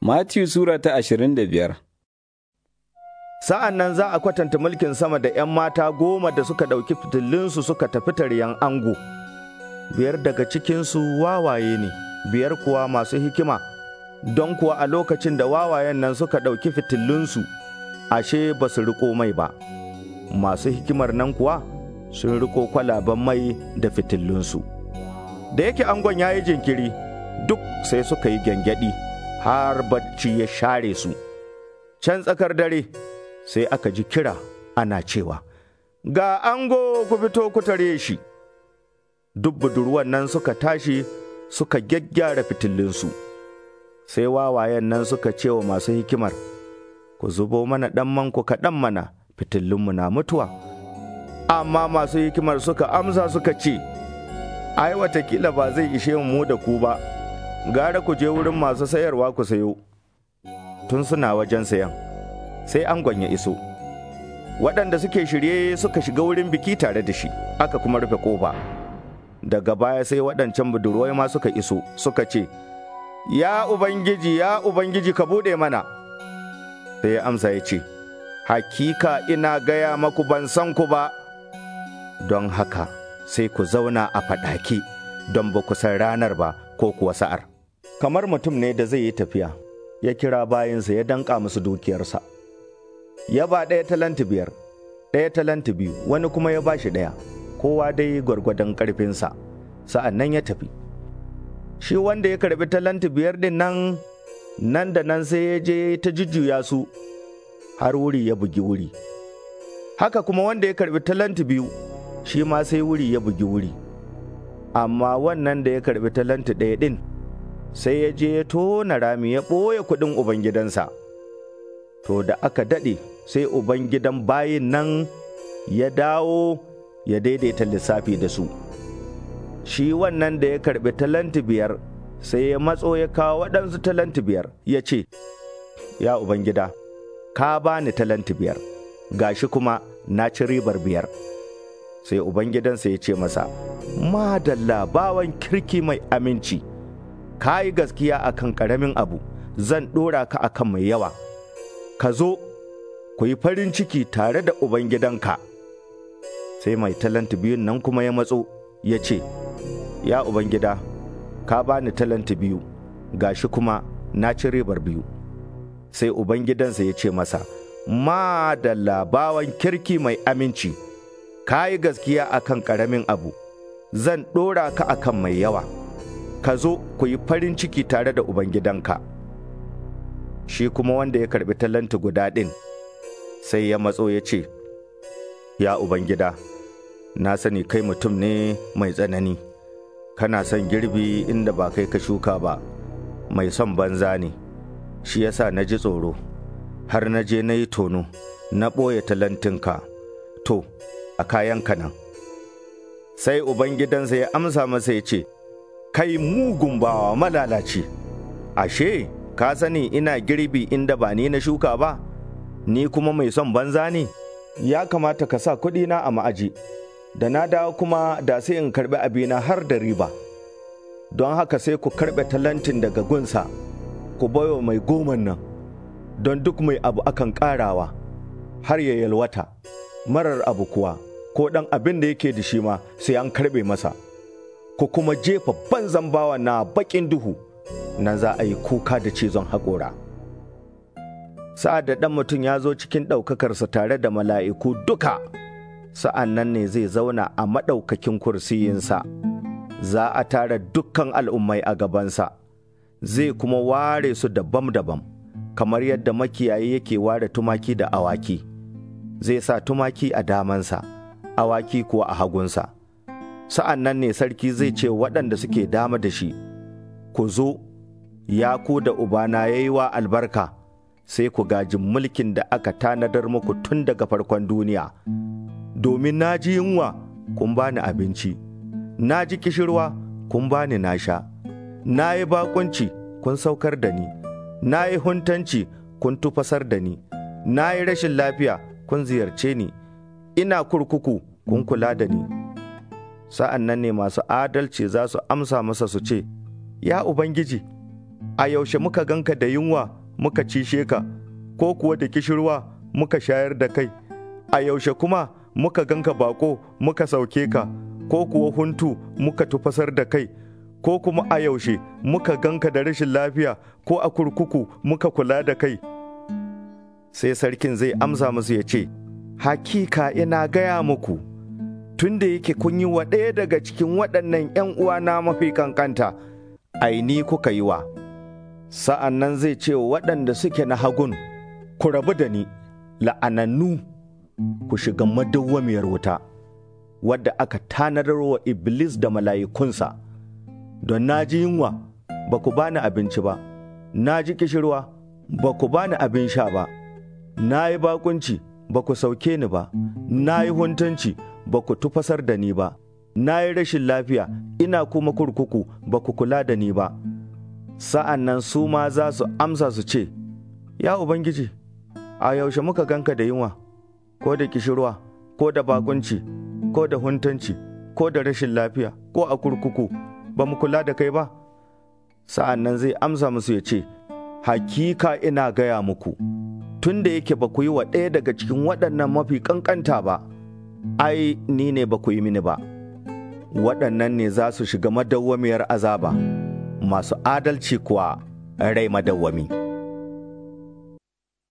Matiyu Sura ta ashirin da biyar Sa'an nan za a kwatanta mulkin sama da ’yan mata goma da suka ɗauki fitilunsu suka tafi taryan ango. Biyar daga cikinsu wawaye ne, biyar kuwa masu hikima, don kuwa a lokacin da wawayen nan suka ɗauki fitilunsu, ashe ba su riko mai ba. Masu hikimar nan kuwa sun riƙo kwalaban mai da fitilunsu. Da yake angon ya yi jinkiri, duk sai suka yi gyangyaɗi. har bacci ya share su. Can tsakar dare sai aka ji kira ana cewa, Ga ango ku fito ku tare shi. Duk budurwan nan suka tashi suka gyaggyara fitillinsu. Sai wawayen nan suka ce wa masu hikimar, Ku zubo mana ɗan manku kaɗan mana fitillinmu na mutuwa. Amma masu hikimar suka amsa suka ce, Ai, watakila ba zai ishe mu da ku ba. gara ku je wurin masu sayarwa ku sayo tun suna wajen sayan sai an ya iso waɗanda suke shirye suka shiga wurin biki tare da shi aka kuma rufe ƙofa daga baya sai waɗancan budurwai ma suka iso suka ce ya ubangiji ya ubangiji ka buɗe mana sai ya amsa ya ce hakika ina gaya maku ban san ku ba don haka sai ku zauna a faɗaki don ba ku san ranar ba ko kuwa sa'ar. Kamar mutum ne da zai yi tafiya, ya kira bayansa ya danƙa musu dukiyarsa. Ya ba ɗaya talenti biyar, ɗaya talenti biyu, wani kuma ya ba shi ɗaya, kowa dai gwargwadon ƙarfinsa, sa'an nan ya tafi. Shi wanda ya karbi talenti biyar ɗin nan, nan da nan sai ya je ta jujjuya su, har wuri ya bugi wuri. Haka kuma wanda ya karbi talenti biyu, shi ma sai wuri ya bugi wuri. amma wannan da ya karbi talenti ɗaya ɗin sai ya je ya tona rami ya ɓoye kuɗin ubangidansa to da aka daɗe sai ubangidan bayin nan ya dawo ya daidaita lissafi da su shi wannan da ya karbi talenti biyar sai ya matso ya kawo waɗansu talenti biyar ya ce ya ubangida ka bani talenti biyar gashi kuma na ci ribar biyar sai ubangidansa ya ce masa madalla bawan kirki mai aminci ka yi gaskiya a kan ƙaramin abu zan ɗora ka a kan mai yawa ka zo ku yi farin ciki tare da ubangidanka sai mai talenti biyun nan kuma ya matso ya ce ya ubangida ka bani talenti biyu gashi kuma na ci ribar biyu sai ubangidansa ya ce masa ma da labawan kirki mai aminci ka yi gaskiya a kan ƙaramin abu, zan ɗora ka a kan mai yawa, ka zo ku yi farin ciki tare da Ubangidanka. Shi kuma wanda ya karɓi talantu guda ɗin, sai ya matso ya ce, Ya Ubangida, na sani kai mutum ne mai tsanani, kana son girbi inda ba kai ka shuka ba, mai son banza ne, shi yasa na ji tsoro, har na je na yi tono, na ɓoye talantinka, to, a kayan nan. Sai Ubangidansa ya amsa masa ya ce, Kai mugun bawa malalaci, ashe, ka sani ina girbi inda ba ni na shuka ba, ni kuma mai son banza ne, ya kamata ka sa kuɗina a ma'aji, da na dawo kuma da sai in karɓi abina har da riba. Don haka sai ku karɓe talantin daga gunsa, ku baiwa mai goman nan, don duk mai abu akan ƙarawa, har ya yalwata, marar abu kuwa. ko ɗan abin da yake da shi ma sai an karɓe masa ko kuma jefa ban zambawa na baƙin duhu nan za a yi kuka da cizon haƙora sa'ad da ɗan mutum ya zo cikin ɗaukakarsa tare da mala'iku duka sa'an nan ne zai zauna a maɗaukakin kursiyinsa za a tara dukkan al'ummai a gabansa zai kuma ware su daban-daban, kamar yadda makiyayi yake ware tumaki da awaki zai sa tumaki a damansa. awaki kuwa a hagunsa. Sa'an nan ne sarki zai ce waɗanda suke dama da shi, ku zo, ya ku da Ubana ya yi wa albarka, sai ku gaji mulkin da aka tanadar muku tun daga farkon duniya. Domin na ji yunwa, kun bani abinci, na ji kishirwa, kun bani na sha, na yi bakunci, kun saukar da ni, na yi huntanci, kun tufasar da ni, na yi rashin lafiya, kun ziyarce ni. ina kurkuku kun kula da ni sa'an nan ne masu adalci za su amsa masa su ce ya ubangiji a yaushe muka ganka da yunwa muka cishe ka ko kuwa da kishirwa muka shayar da kai a yaushe kuma muka ganka bako muka sauke ka ko kuwa huntu muka tufasar da kai ko kuma a yaushe muka ganka da rashin lafiya ko a kurkuku muka kula da kai sai sarkin zai amsa musu ya ce Hakika ina gaya muku, tun da yake kun yi wa ɗaya daga cikin waɗannan ’yan uwana mafi kankanta, aini kuka yi wa. Sa'an nan zai ce waɗanda suke na hagun, ku rabu da ni, la'anannu, ku shiga madawwamiyar wuta, wadda aka tanadar wa Iblis da mala'ikunsa, don na ji yunwa, ba ku bani abinci ba, na ji kishirwa, ba ku bani abin sha ba, na yi bakunci. ba ku sauke ni ba, na yi huntanci ba ku tufasar da ni ba, na yi rashin lafiya ina kuma kurkuku ba ku kula da ni ba. Sa'an nan su ma za su amsa su ce, Ya Ubangiji, a yaushe muka ganka da yunwa, ko da kishirwa, ko da bakunci, ko da huntanci, ko da rashin lafiya, ko a kurkuku, ba mu kula da kai ba? Sa'an nan zai amsa musu ya ce, Hakika ina gaya muku. Tunda yake ba ku yi wa ɗaya daga cikin waɗannan mafi ƙanƙanta ba, ai, ni ne ba ku yi mini ba. Waɗannan ne za su shiga madawwamiyar azaba, masu adalci kuwa rai madawwami.